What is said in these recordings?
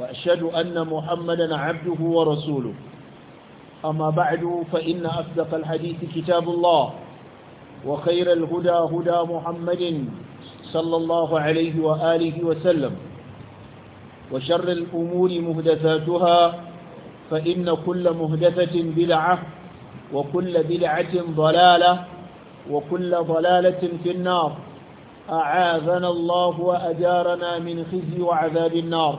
وأشهد أن محمدا عبده ورسوله أما بعد فإن أصدق الحديث كتاب الله وخير الهدى هدى محمد صلى الله عليه وآله وسلم وشر الأمور مهدثاتها فإن كل مهدثة بلعة وكل بلعة ضلالة وكل ضلالة في النار أعاذنا الله وأجارنا من خزي وعذاب النار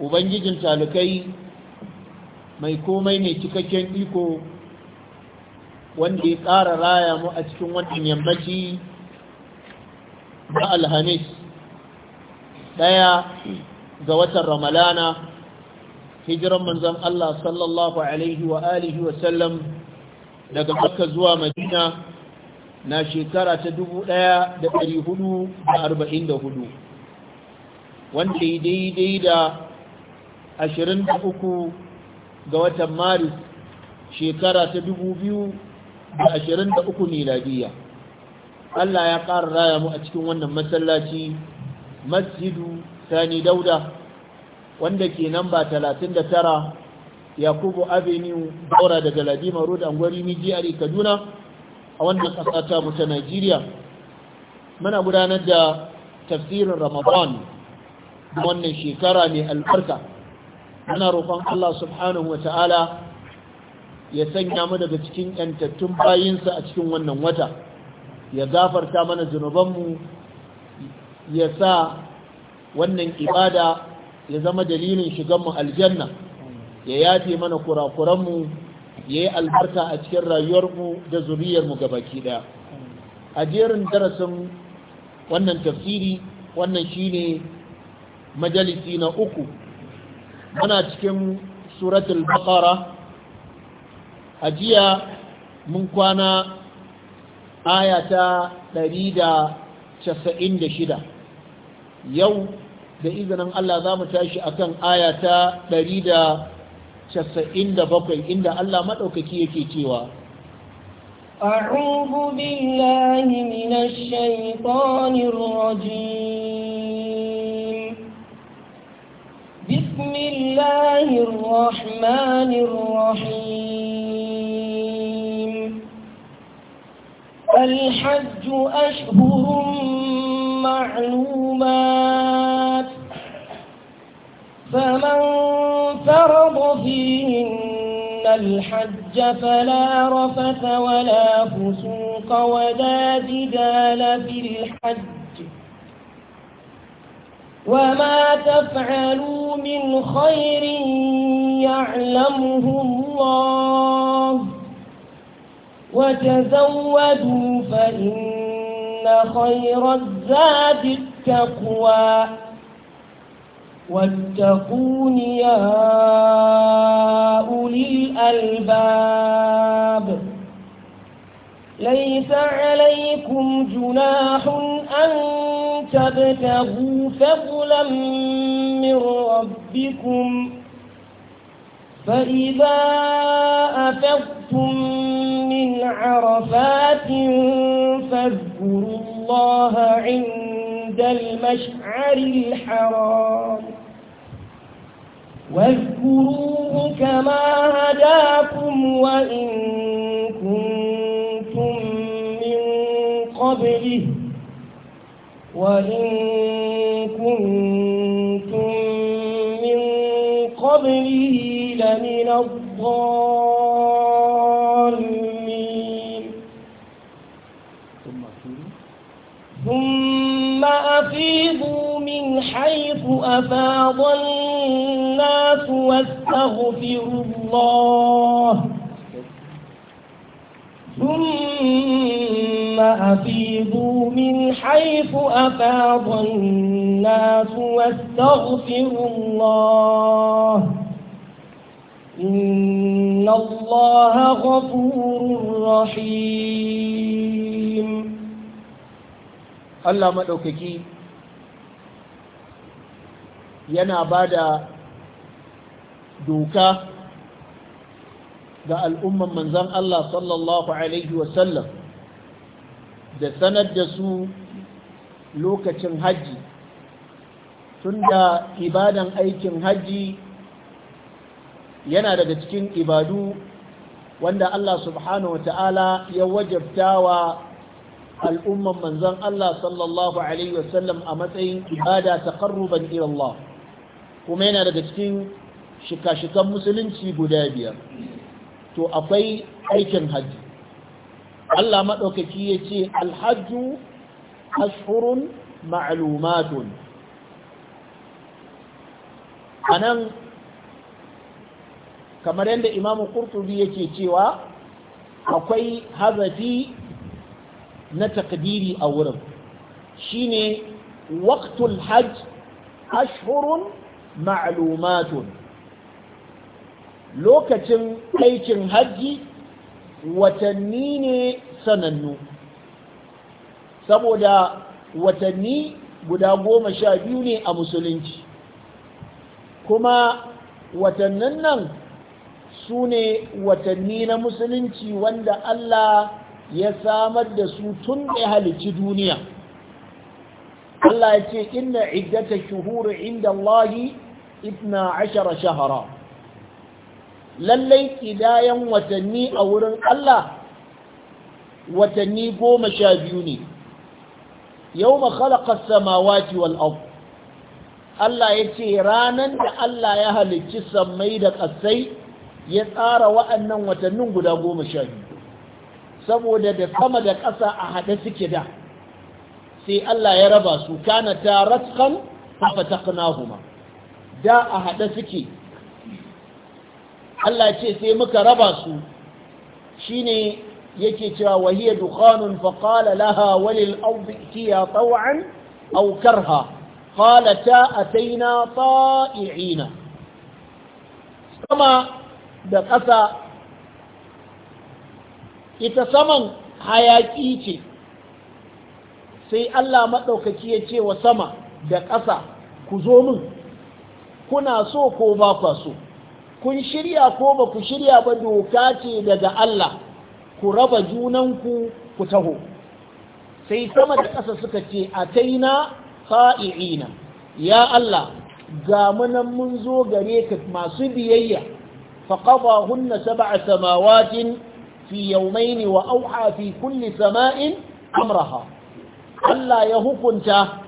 ubangijin talukai mai komai ne cikakken iko wanda ya ƙara raya mu a cikin wannan yammaci na alhamis ɗaya ga watan ramalana hijiran manzan Allah sallallahu alaihi wa alihi daga makka zuwa madina na shekara ta dubu ɗaya da da da ɗari hudu hudu, wanda ya daidai da Ashirin uku ga watan maris shekara ta ne miladiya Allah ya ƙara raya mu a cikin wannan masallaci masjidu sani dauda wanda ke namba 39 yakubu avenue daura daga ladima road miji a kaduna a wannan ƙasa ta mu ta najeriya muna gudanar da tafsirin ramadan wannan shekara mai albarka muna roƙon Allah subhanahu wata'ala ya sanya mu daga cikin yantattun bayinsa a cikin wannan wata ya gafarta mana zunubanmu ya sa wannan ibada ya zama dalilin shiganmu aljanna ya yafe mana kurakuranmu ya yi albarka a cikin rayuwarmu da zuriyarmu gabaki ɗaya. a jerin darasin wannan tafsiri wannan shine majalisi na uku muna cikin suratul baqara jiya mun kwana aya da 196 yau da izinin Allah za mu tashi akan casa'in da 197 inda Allah maɗaukaki yake cewa أعوذ بالله من الشيطان الرجيم بسم الله الرحمن الرحيم الحج أشهر معلومات فمن فرض فيهن الحج فلا رفث ولا فسوق ولا جدال في الحج وما تفعلوا من خير يعلمه الله وتزودوا فإن خير الزاد التقوى واتقون يا أولي الألباب ليس عليكم جناح أن تبتغوا فضلا من ربكم فإذا أفضتم من عرفات فاذكروا الله عند المشعر الحرام واذكروه كما هداكم وإن كنتم قبله وإن كنتم من قبله لمن الضالين ثم أفيضوا من حيث أفاض الناس واستغفروا الله ثم ثم أفيضوا من حيث أفاض الناس واستغفروا الله إن الله غفور رحيم الله مدوككي yana ba da doka ga al'umman manzan Allah sallallahu Alaihi wasallam da sanar da su lokacin hajji tunda ibadan aikin hajji yana daga cikin ibadu wanda Allah subhanahu wa ta'ala ya wajabta wa al'umman manzon Allah sallallahu Alaihi wasallam a matsayin ibada ta ƙarruban Allah kuma yana daga cikin shika-shikan musulunci guda biyar to akwai aikin hajji Allah maɗaukaki ya ce alhajju ashurun ma'lumatun a nan kamar yadda imamu kurtubi yake cewa akwai hazafi na takdiri a wurin shine waktul hajj ashhurun ma'lumatun lokacin aikin hajji watanni ne sanannu saboda watanni guda goma sha biyu ne a musulunci kuma watannin nan su ne watanni na musulunci wanda Allah ya samar da su tun da halici duniya Allah ya ce inna iddata shuhuru inda Allahi itna ashara shahara lallai kidayan watanni a wurin Allah watanni goma sha biyu ne yau ma khalaƙar samawati wal'af Allah ya ce ranar da Allah ya halicci sammai da ƙasai ya tsara wa'annan watannin guda goma sha biyu saboda da sama da ƙasa a haɗe suke da sai Allah ya raba su kana ta ratkan fafatakna huma da a haɗe suke Allah ce sai muka raba su shine yake cewa wahiya dukhanun fa qala laha walil ardi tiya taw'an aw karha ataina ta'i'ina sama da ƙasa ita saman hayaƙi ce sai Allah maɗaukaki ya ce wa sama da ƙasa ku zo min kuna so ko ba so kun shirya ko ba ku shirya ba doka ce daga Allah ku raba junanku ku taho sai sama da ƙasa suka ce a taina fa'i'ina ya Allah ga munan mun zo gare ka masu biyayya faƙaba hunna saba'a samawatin fi yaumaini wa auha fi kulli sama'in amraha Allah ya hukunta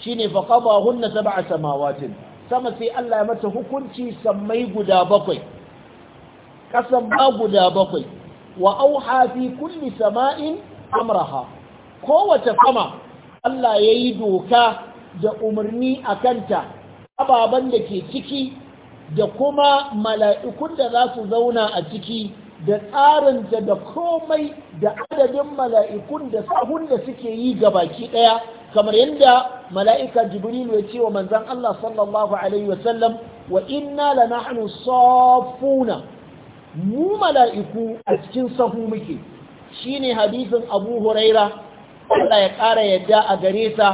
shine faƙaba hunna saba'a samawatin sama sai Allah ya mata hukunci sammai guda bakwai ƙasan ba guda bakwai wa auha fi kulli sama'in amraha kowace sama Allah ya yi doka da umarni a kanta ababen da ke ciki da kuma mala'ikun da za su zauna a ciki da tsarinta da komai da adadin mala'ikun da sahun da suke yi ga baki ɗaya kamar yadda mala'ika jibril ya ce wa manzan Allah sallallahu alaihi wasallam wa inna la nahnu safuna mu mala'iku a cikin sahu muke shine hadisin Abu Huraira wanda ya ƙara yadda a gare ta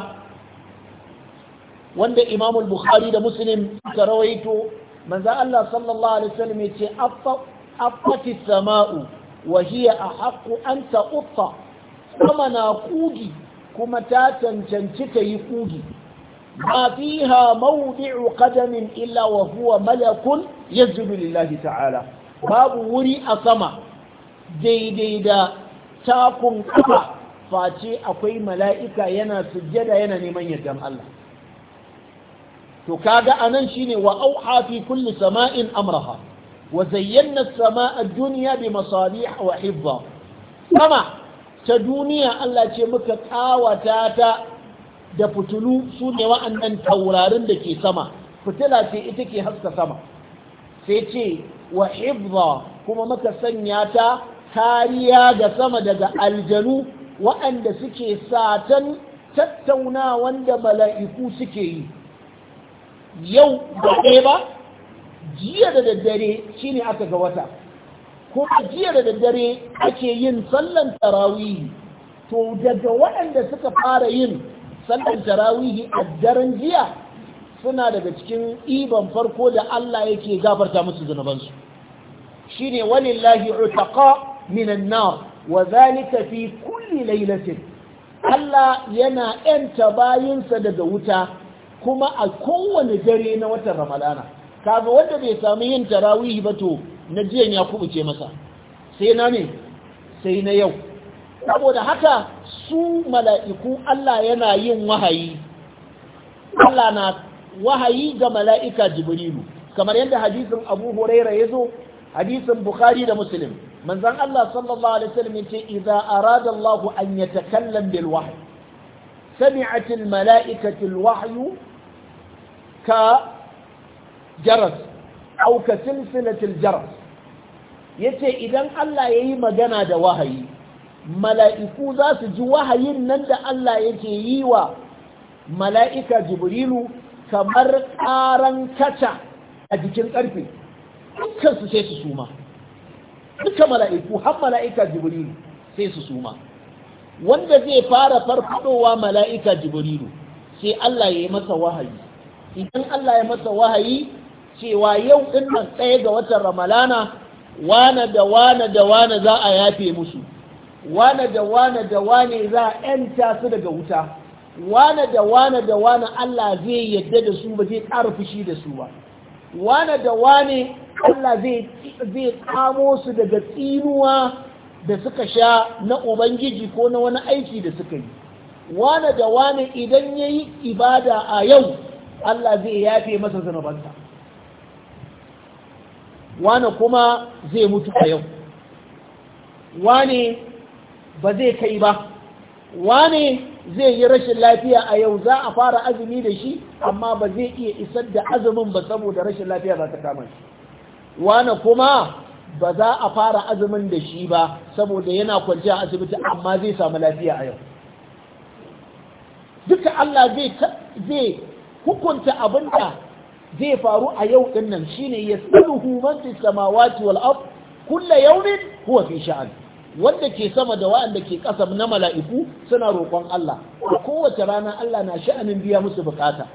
wanda imamul Bukhari da Muslim suka rawaito manzan Allah sallallahu alaihi wasallam ya ce afati sama'u wa hiya ahqqu an ta'utta sama na kugi kuma ta cancanci ta yi kugi ba fiha mawdi'u qadamin illa wa huwa malakun yasjudu lillahi ta'ala babu wuri a sama daidai da takun kafa face akwai mala'ika yana sujjada yana neman yardan Allah to kaga anan shine wa auha fi kulli sama'in amraha wa zayyana as-sama'a ad-dunya bi masalih wa sama ta duniya Allah ce muka ƙawata ta da fitulu su ne wa'annan taurarin da ke sama fitila ce ita ke haska sama sai ce wa kuma muka sanya ta kariya ga sama daga aljanu wa'anda suke satan tattauna wanda mala'iku suke yi yau da ba jiya da daddare shine aka ga wata Kuma jiya da dare ake yin sallan tarawihi to daga waɗanda suka fara yin sallan tarawihi a daren jiya suna daga cikin iban farko da Allah yake gafarta musu zunubansu shine walillahi utaqa minan nar wa zalika fi kulli lailatin Allah yana yanta bayinsa daga wuta kuma a kowane dare na watan Ramadana kaga wanda bai samu yin tarawihi ba to na jiyan ya kubuce masa sai na ne sai na yau saboda haka su mala'iku Allah yana yin wahayi Allah na wahayi ga mala'ika jibrilu kamar yadda hadisin abu huraira ya zo hadisin bukhari da muslim manzan Allah sallallahu alaihi wasallam ya ce idza arada Allah an yatakallam bil wahyi sami'at al mala'ikatu al wahyu ka jaras silsilatil jaras yace idan Allah yayi magana da wahayi mala'iku za su ji wahayin nan da Allah yake yi wa mala'ika jibrilu kamar ƙaran kaca a jikin ƙarfe dukkan su sai su suma duka mala'iku har mala'ika jibrilu sai su suma wanda zai fara farfadowa mala'ika jibrilu sai Allah ya yi masa wahayi idan Allah ya masa wahayi cewa yau ɗin nan ɗaya ga watan ramalana wane da wane da wane za a yafe musu wane da wane da wane za a ‘yanta su daga wuta wane da wane da wane Allah zai yadda da su ba zai ƙara fushi da su ba wane da wane Allah zai kamo su daga tsinuwa da suka sha na Ubangiji ko na wani aiki da suka yi wane da wane idan ya yi ibada a yau Allah zai yafe masa zanubanta wane kuma zai mutu a yau wane ba zai kai ba wane zai yi rashin lafiya a yau za a fara azumi da shi amma ba zai iya isar da azumin ba saboda rashin lafiya ba ta kama shi wane kuma ba za a fara azumin da shi ba saboda yana kwanciya asibiti amma zai samu lafiya a yau duka Allah zai hukunta abinda zai faru a yau din nan shine yasaluhu man fi samawati wal ard kullu yawmin huwa fi sha'an wanda ke sama da wa'anda ke ƙasa na mala'iku suna roƙon Allah a kowace rana Allah na sha'anin biya musu bukata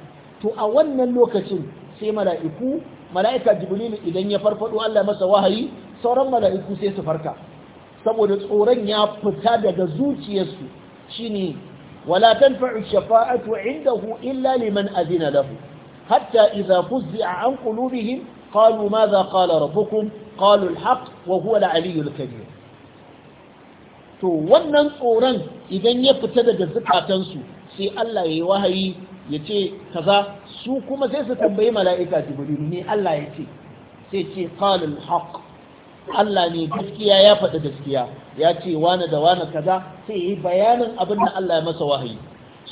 to a wannan lokacin sai mala'iku mala'ika jibrilu idan ya farfado Allah masa wahayi sauran mala'iku sai su farka saboda tsoron ya fita daga zuciyarsu shine wala tanfa'u shafa'atu indahu illa liman azina lahu hatta idza fuzzi'a a qulubihim qalu madha qala rabbukum qalu al-haq wa huwa to wannan tsoron idan ya fita daga zukatansu sai Allah ya yi wahayi ya ce kaza su kuma sai su tambayi mala'ika jibrilu ne Allah ya ce sai ce qalul haqq Allah ne gaskiya ya faɗi gaskiya ya ce wane da wane kaza sai yi bayanin abin da Allah ya masa wahayi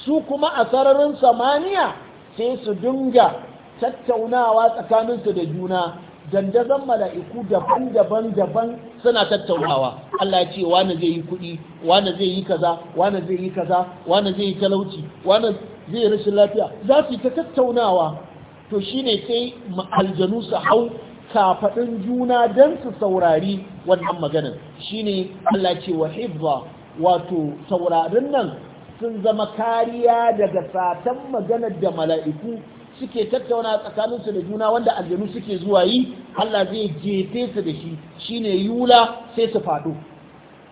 su kuma a sararin samaniya sai su dinga tattaunawa tsakaninsu da juna dandazon mala'iku daban-daban daban suna tattaunawa Allah ya ce wani zai yi kuɗi wani zai yi kaza wani zai yi kaza wani zai yi talauci wani zai yi rashin lafiya za su ta tattaunawa to shine sai aljanu su hau kafaɗin juna don su saurari wannan maganin shine Allah ce wa hibba wato saurarin nan sun zama kariya daga satan maganar da mala'iku suke tattauna tsakaninsu da juna wanda aljanu suke zuwa yi Allah zai jefe su da shi shine yula sai su fado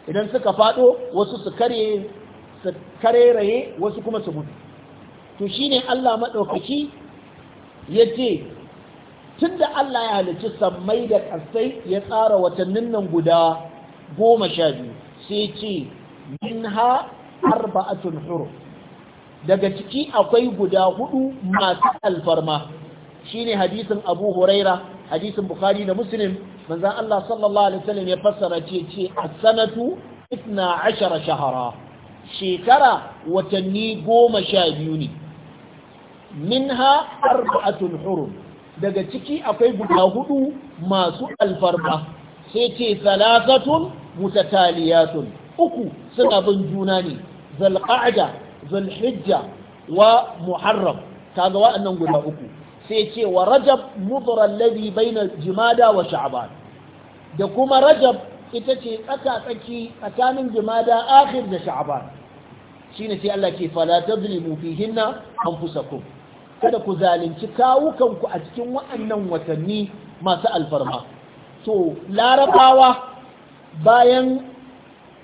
idan suka fado wasu su kare su kareraye wasu kuma su mutu to shine Allah madaukaki yace tunda Allah ya halicci sammai da ƙasai ya tsara watannin nan guda goma sha biyu sai ce minha arba'atun hurum. daga ciki akwai guda hudu masu alfarma shine hadisin Abu Huraira hadisin Bukhari da Muslim manzon Allah sallallahu alaihi wasallam ya fassara ce ce as-sanatu 12 shahara shekara watanni goma sha biyu ne minha arba'atun hurum daga ciki akwai guda hudu masu alfarma sai ce salatatun mutataliyatun uku suna bin juna ne zalqa'da zulhijja wa muharram kaga wa'annan guda uku sai ce wa rajab mudra alladhi baina jumada wa sha'ban da kuma rajab ita ce tsaka tsaki tsakanin jumada akhir da sha'ban shine sai Allah ke fala tadlimu fihinna anfusakum kada ku zalunci kawukanku a cikin wa'annan watanni masu alfarma to larabawa bayan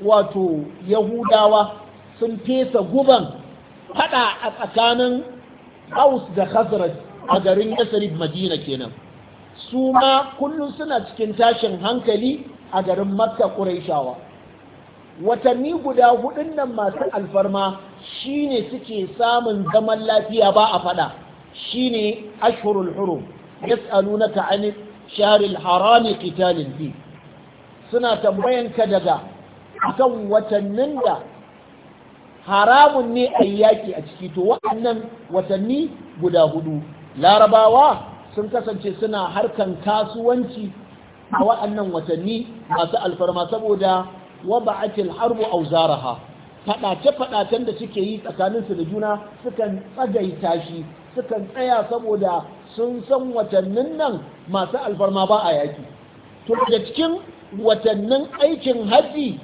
wato yahudawa sun fesa guban fada a tsakanin aus da khazraj a garin yasrib madina kenan su ma kullum suna cikin tashin hankali a garin makka ƙura'ishawa. watanni guda hudun nan masu alfarma shine suke samun zaman lafiya ba a fada shine ashhurul hurum yas'alunaka anil shahril harami qitalin fi suna tambayanka daga akan watannin da haramun ne a yaƙi a ciki to waɗannan watanni guda hudu larabawa sun kasance suna harkan kasuwanci a waɗannan watanni masu alfarma saboda waba'atil harbu auzaraha faɗace-faɗacen da suke yi tsakaninsu da juna sukan tsagaita shi sukan tsaya saboda sun san watannin nan masu alfarma ba a yaƙi. to da cikin watannin aikin hajji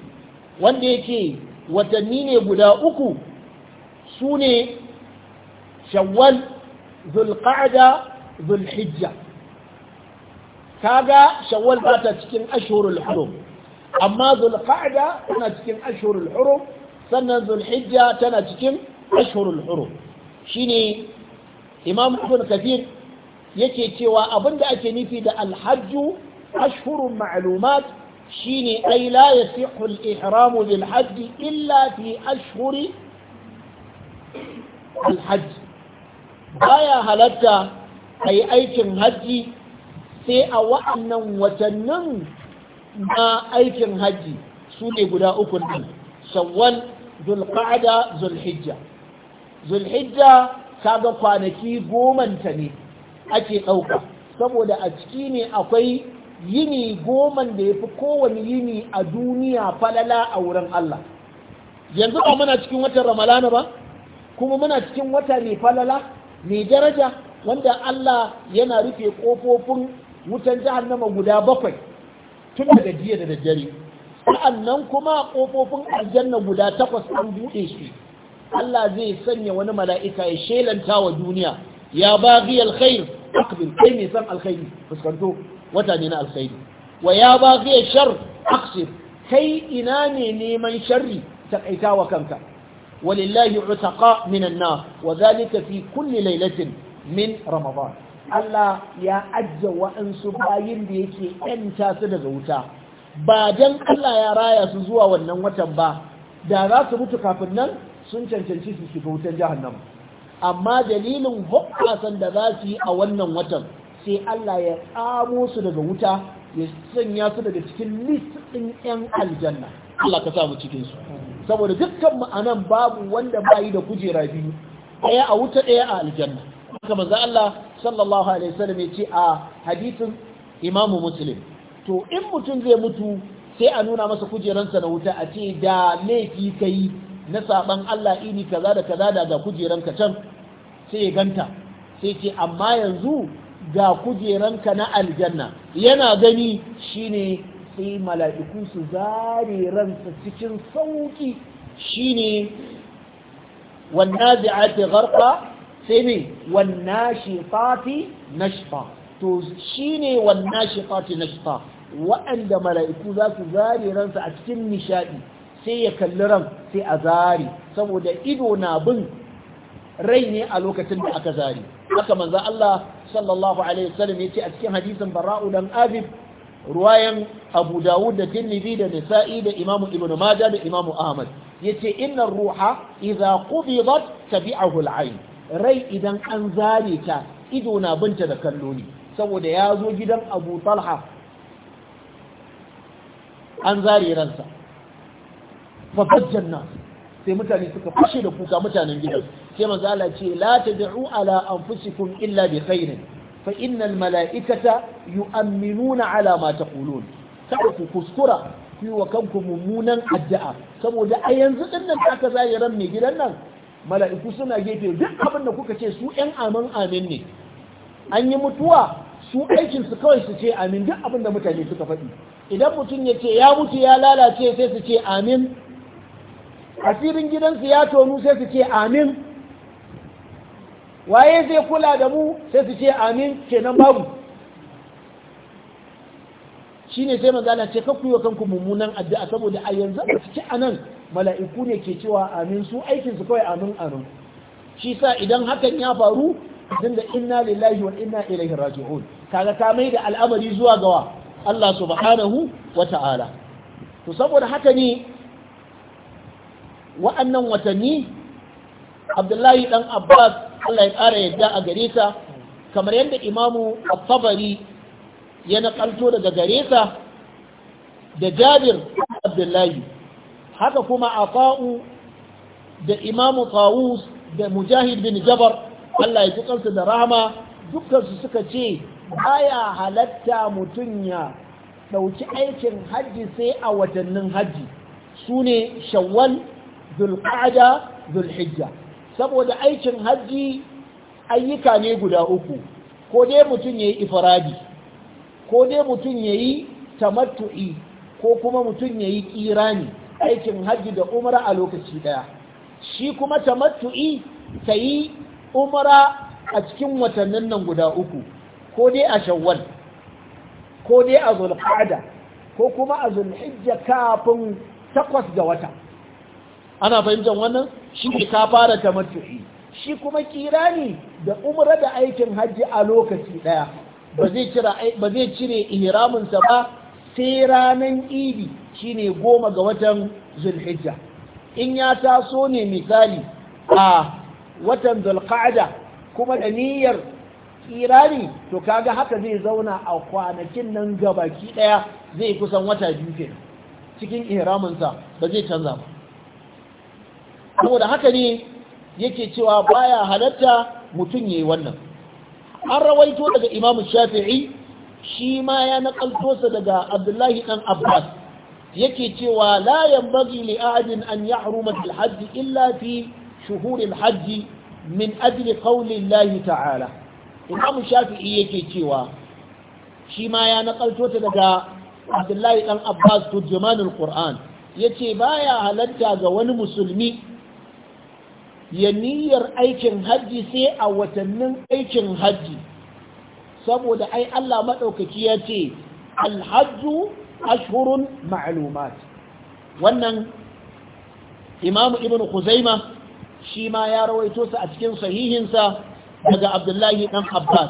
wanda yake watanni ne guda uku su ne shawwal zulqa'da zulhijja kaga shawwal ba ta cikin ashhurul hurum amma zulqa'da tana cikin ashhurul hurum sannan zulhijja tana cikin ashhurul hurum shine imam ibn kathir yake cewa abinda ake nufi da alhajju ashhurun ma'lumat shine ai la yasihu al-ihramu bil illa fi ashhuri al-hajj baya halatta ai aikin hajji sai a wa'annan watannin na aikin hajji su ne guda uku ɗin shawwal zulqa'ada zulhijja zulhijja kaga kwanaki gomanta ne ake ɗauka saboda a ciki ne akwai yini goman da ya fi kowane yini a duniya falala a wurin Allah yanzu ba muna cikin watan ramalana ba kuma muna cikin wata mai falala mai daraja wanda Allah yana rufe ƙofofin wutan jahannama guda bakwai tun daga jiya da daddare sa'annan kuma ƙofofin aljanna guda takwas an buɗe su Allah zai sanya wani mala'ika ya shelanta wa duniya ya baghi alkhair aqbil kai mai san alkhairi fuskanto wata ne na alkhairi wa ya baghi shar aqsir kai ina ne neman sharri takaita wa kanka walillahi utaqa min an-nar wa zalika fi kulli laylatin min ramadan Allah ya ajja wa'ansu bayin da yake yanta su daga wuta ba dan Allah ya raya su zuwa wannan watan ba da za su mutu kafin nan sun cancanci su shiga wutan nan. amma dalilin hoɓasan da za su yi a wannan watan sai Allah ya tsamo su daga wuta ya sanya su daga cikin list ɗin 'yan aljanna Allah ka samu cikinsu saboda dukkan ma'anan babu wanda bayi da kujera biyu ɗaya a wuta ɗaya a aljanna haka manzo Allah sallallahu alaihi wasallam ya ce a hadithin Imam Muslim to in mutum zai mutu sai a nuna masa kujeransa na wuta a ce da laifi kai na saban Allah ini kaza da kaza da ga kujeranka can sai ya ganta sai ce amma yanzu ga kujeranka na aljanna yana gani shine sai mala'iku su zare ransa cikin sauki shine wannazi'ati gharqa sai ne wannashitati nashfa to shine wannashitati nashfa waɗanda mala'iku za su zare ransa a cikin nishadi sai ya kalli ran sai a zare saboda ido na bin rai ne a lokacin da aka zari haka manzo Allah sallallahu alaihi wasallam yace a cikin hadisin Bara'u dan Azib ruwayan Abu Dawud da Tirmidhi da Nisa'i da Imam Ibn Majah da Imam Ahmad yace inna ruha idza qubidat tabi'ahu al-ayn rai idan an zare ta ido na binta da kallo ne saboda ya zo gidan Abu Talha an zare ransa fa fajjan nas sai mutane suka fashe da kuka mutanen gidan sai manzo Allah ce la tad'u ala anfusikum illa bi khairin fa innal mala'ikata yu'minuna ala ma taqulun kada ku kuskura ku wa kanku mummunan addu'a saboda a yanzu din nan aka ran mai gidan nan mala'iku suna gefe duk abin da kuka ce su ƴan amin amin ne an yi mutuwa su aikin su kawai su ce amin duk abin da mutane suka faɗi idan mutum ya ce ya mutu ya lalace sai su ce amin asirin gidansu ya tonu sai su ce amin waye zai kula da mu sai su ce amin kenan babu ne sai magana ce kakku yi kanku mummunan addu'a saboda a yanzu a a anan mala'iku ne ke cewa amin su aikinsu kawai amin amin shi sa idan hakan ya faru sun da inna lillahi wa inna ilaihi raji'un kaga ta mai da al'amari zuwa gawa Allah subhanahu wa ta'ala to saboda haka ne wa'annan watanni abdullahi dan abbas allah ya ƙara yadda a gare ta kamar yadda imamu al-tabari ya naƙalto daga gare ta da jabir abdullahi haka kuma afa'u da imamu tawus da mujahid bin jabar allah ya ji kansu da rahama dukkansu suka ce baya halatta mutum ya ɗauki aikin hajji sai a watannin hajji su ne shawwal zulqa'ada zulhijja saboda aikin hajji ayyuka ne guda uku ko dai mutum yayi ifradi ko dai mutum yayi tamattu'i ko kuma mutum yayi kirani aikin hajji da umra a lokaci ɗaya. shi kuma tamattu'i tayi umra a cikin watannin nan guda uku ko dai a shawwal ko dai a zulqa'ada ko kuma a zulhijja kafin takwas ga wata ana fahimtar wannan shi ne ka fara tamattu'i shi kuma kirani da umra da aikin hajji a lokaci daya ba zai cire ihramin sa ba sai ranan idi shine goma ga watan zulhijja in ya taso ne misali a watan zulqa'da kuma da niyyar kirani to kaga haka zai zauna a kwanakin nan gabaki daya zai kusan wata biyu kenan cikin ihramin ba zai canza ba saboda haka ne yake cewa baya halatta mutum yayi wannan an rawaito daga imamu shafi'i shi ma ya nakalto sa daga abdullahi dan abbas yake cewa la yanbaghi li ahadin an yahruma fil hajj illa fi shuhur al hajj min ajli qawli allah ta'ala imamu shafi'i yake cewa shi ma ya nakalto sa daga abdullahi dan abbas turjumanul qur'an yace baya halatta ga wani musulmi ya niyyar aikin hajji sai a watannin aikin hajji saboda ai Allah maɗaukaki ya ce alhajju ashhurun ma'lumat wannan imamu ibn khuzaima shi ma ya rawaito sa a cikin sahihinsa daga abdullahi ɗan abbas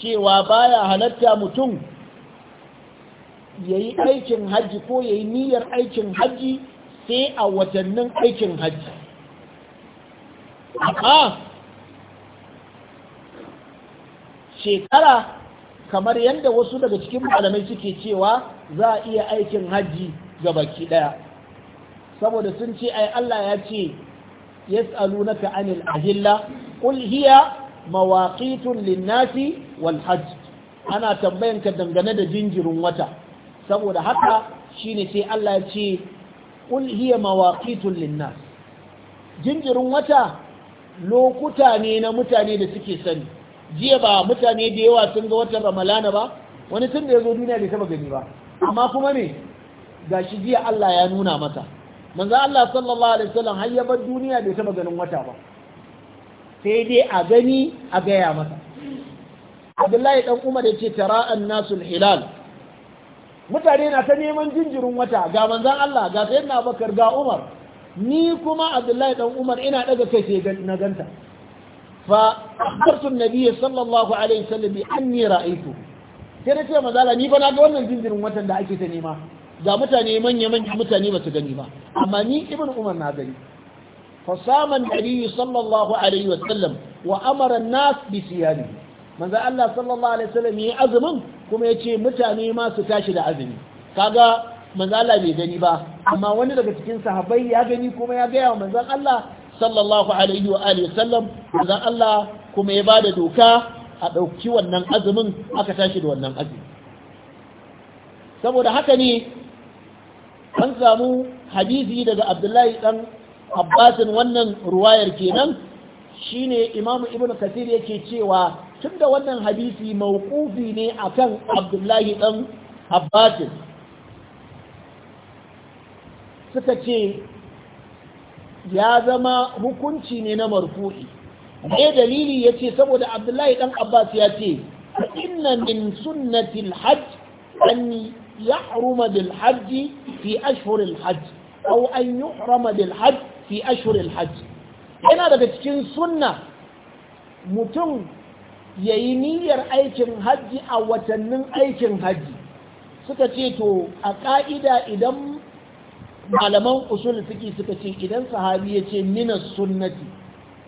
cewa baya halatta mutum ya yi aikin hajji ko ya yi niyyar aikin hajji sai a watannin aikin hajji amma shekara kamar yadda wasu daga cikin malamai suke cewa za a iya aikin hajji ga baki ɗaya, saboda sun ce ai Allah ya ce yas'alunaka anil ahilla qul hiya mawaqitun lin-nasi wal hajj ana tambayanka dangane da jinjirin wata saboda haka shine sai Allah ya ce qul hiya mawaqitun lin jinjirin wata lokuta ne na mutane da suke sani jiya ba mutane da yawa sun ga watan ramalana ba wani sun da ya zo duniya bai taba gani ba amma kuma ne shi jiya Allah ya nuna masa manzo Allah sallallahu alaihi wasallam har ya bar duniya bai taba ganin wata ba sai dai a gani a gaya mata. Abdullahi dan Umar ya ce tara al hilal mutane na ta neman jinjirin wata ga manzon Allah ga sayyidina Abubakar ga Umar ni kuma abdullahi dan umar ina daga kai sai na ganta fa akhbartu an-nabiy sallallahu alaihi wasallam bi anni ra'aytu sai na ce mazala ni fa na ga wannan jinjirin watan da ake ta nema ga mutane manya manya mutane ba su gani ba amma ni ibnu umar na gani fa sama an-nabiy sallallahu alaihi wasallam wa amara an-nas bi siyamihi manzo Allah sallallahu alaihi wasallam yi azumin kuma yace mutane ma su tashi da azumi kaga manzala bai gani ba amma wani daga cikin sahabbai ya gani kuma ya gaya wa manzon Allah sallallahu alaihi wa alihi sallam Allah kuma ya bada doka a dauki wannan azumin aka tashi da wannan azumi saboda haka ne an samu hadisi daga Abdullahi dan Abbasin wannan ruwayar kenan shine Imam Ibn Kathir yake cewa tunda wannan hadisi mauqufi ne akan Abdullahi dan Abbasin suka ce ya zama hukunci ne na marfu'i me dalili ya ce saboda abdullahi Ɗan abbas ya ce inna min sunnatil hajj an yahruma bil hajj fi ashhuril hajj aw an yuhrama bil hajj fi ashhuril hajj yana daga cikin sunna mutum yayi niyyar aikin hajji a watannin aikin hajji suka ce to a ka'ida idan malaman usul suke suka ce idan sahabi ya ce mina sunnati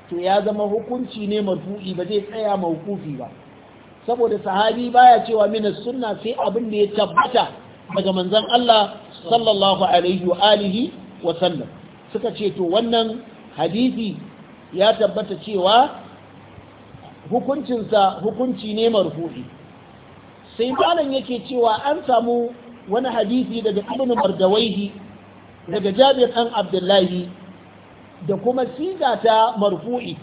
to ya zama hukunci ne marfu'i ba zai tsaya mawkufi ba saboda sahabi baya cewa minas sunna sai abin da ya tabbata daga manzon Allah sallallahu alaihi wa alihi wa sallam suka ce to wannan hadisi ya tabbata cewa hukuncinsa hukunci ne marfu'i sai malam yake cewa an samu wani hadisi daga ibnu mardawaihi daga jabir ɗan abdullahi da kuma siga ta marfu'i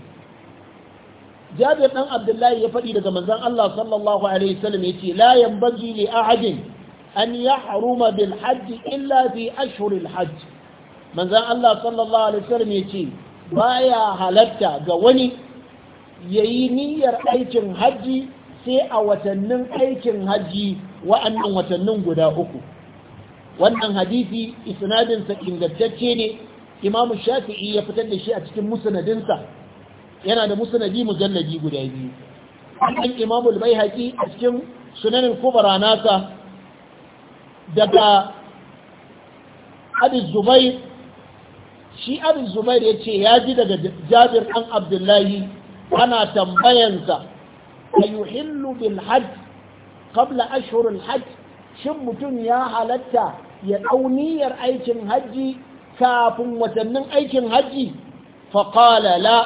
jabir ɗan abdullahi ya faɗi daga manzan Allah sallallahu alaihi wasallam ya ce la yanbaghi li ahadin an yahruma bil hajji illa fi ashhuril hajj manzan Allah sallallahu alaihi wasallam ya ce baya halatta ga wani yayi niyyar aikin hajji sai a watannin aikin hajji wa'annan watannin guda uku wannan hadisi isnadinsa ingantacce ne imamu shafi'i ya fitar da shi a cikin musanadinsa. yana da musnadi mujalladi guda biyu Wannan imamu al a cikin sunanin kubra nasa daga abi zubair shi abi zubair ya ce ya ji daga jabir ɗan abdullahi ana tambayansa a yuhillu bil hajj qabla ashhurul hajj shin mutum ya halatta ya dauniyar aikin hajji kafin watannin aikin hajji faƙala la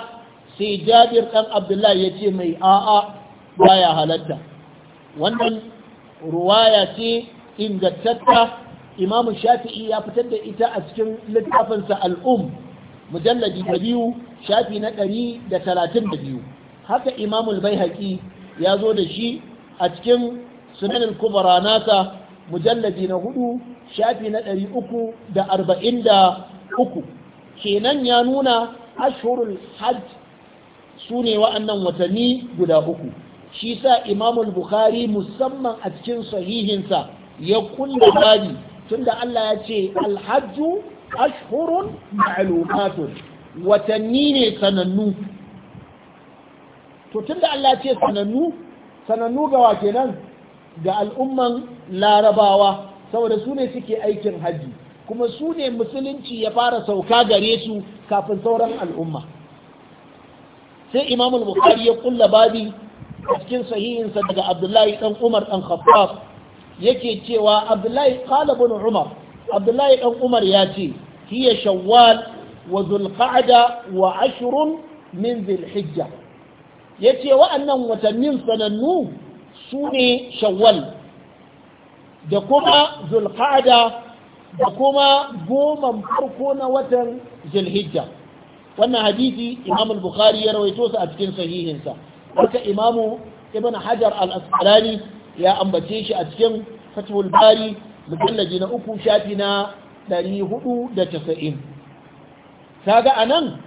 sai jabir ɗan abdullahi ya ce mai a'a baya halatta wannan ruwaya ce ingantatta imamu shafi'i ya fitar da ita a cikin littafinsa al'um mujalladi da biyu shafi na ɗari da talatin da biyu haka Imamu bai ya zo da shi a cikin sunanin kubara nasa mujalladi na hudu shafi na ɗari uku da arba'in da uku kenan ya nuna ashhurul hajj su ne wa'annan watanni guda uku shi sa imamul bukhari musamman a cikin sahihinsa ya kulle babi tunda Allah ya ce alhajju ashhurun ma'lumatun watanni ne sanannu to tunda Allah ya ce sanannu sanannu ga wa kenan ga al'umman larabawa saboda su ne suke aikin hajji kuma su ne musulunci ya fara sauka gare su kafin sauran al'umma sai imam bukari ya kulla babi a cikin sahihinsa daga abdullahi dan umar dan khattab yake cewa abdullahi qala umar abdullahi dan umar ya ce hiya shawwal wa zulqa'da wa ashrun min dhilhijja yace wa'annan watannin sanannu su ne shawwal da kuma zulqa'ada da kuma goma farko na watan zulhijja wannan hadisi imam al-bukhari ya rawaito sa a cikin sahihinsa haka imam ibn hajar al-asqalani ya ambace shi a cikin fathul bari mujallaji na uku shafi na 490 kaga anan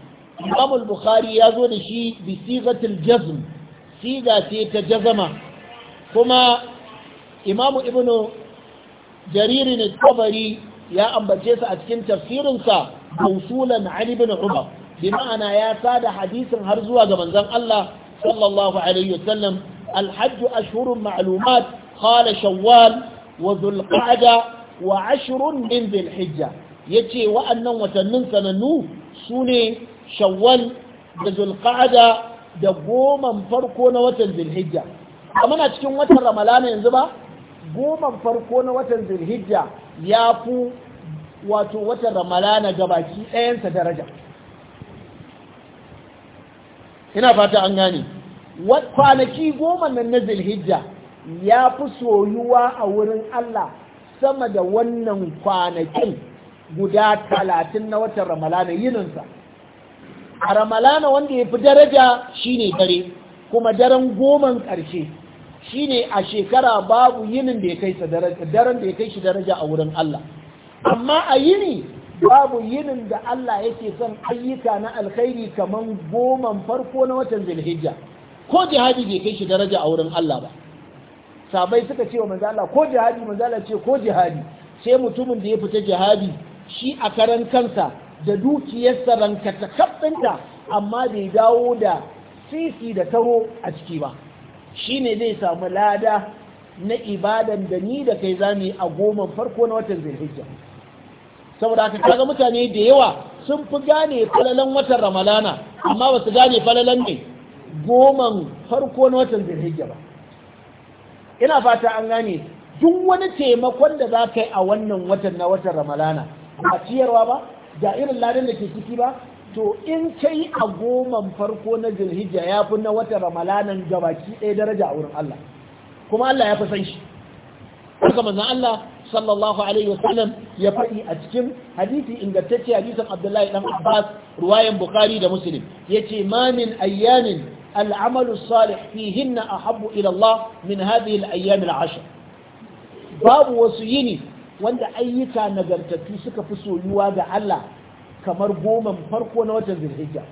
imam al-bukhari ya zo da shi bi sigatil jazm siga ce ta jazama kuma imamu ibnu jaririn al-tabari ya ambace su a cikin tafsirinsa mawsulan an bin umar bi ma'ana ya sada hadisin har zuwa ga manzon Allah sallallahu alaihi wasallam الحج أشهر معلومات قال شوال وذو القعدة وعشر من ذي الحجة يتي sune وتنن سننو سوني شوال وذو القعدة دقوما فرقون وتن ذي الحجة أما نتكلم وتن رملان ينزبا goman farko na watan zulhijja ya fi wato watan ramalana gabaki ɗayansa daraja ina fata an gane kwanaki goma nan na zulhijja ya fi soyuwa a wurin Allah sama da wannan kwanakin guda talatin na watan ramalana yininsa a ramalana wanda ya fi daraja shine dare kuma daren goman ƙarshe Shi ne a shekara babu yinin da ya kai sa daraja daren da ya kai shi daraja a wurin Allah amma a yini babu yinin da Allah yake son ayyuka na alkhairi kaman goman farko na watan Zulhijja ko jihadi bai kai shi daraja a wurin Allah ba sabai suka ce wa manzo Allah ko jihadi manzo Allah ce ko jihadi sai mutumin da ya fita jihadi shi a karan kansa da dukiyarsa rankata kaɗinta amma bai dawo da sisi da taho a ciki ba Shi ne zai samu lada na ibadan da ni da kai za yi a goma farko na watan zulhijja saboda haka kaga mutane da yawa sun fi gane falalan watan ramalana amma ba su gane falalan ne goman farko na watan zulhijja ba ina fata an gane duk wani taimakon da za ka yi a wannan watan na watan ramalana ba ciyarwa ba da irin ladan da ke ciki ba to in ka yi a goman farko na zulhijja ya fi na wata ramalanan gabaki ɗaya daraja a wurin Allah kuma Allah ya fi san shi haka manzan Allah sallallahu alaihi wasallam ya faɗi a cikin hadisi ingantacce hadisin Abdullahi dan Abbas ruwayan Bukhari da Muslim yace ma min ayyamin al'amalu salih fihinna ahabbu ila Allah min hadhihi al-ayyam al-ashr babu wasu yini wanda ayyuka nagartattu suka fi soyuwa ga Allah kamar goman farko na watan zulhijja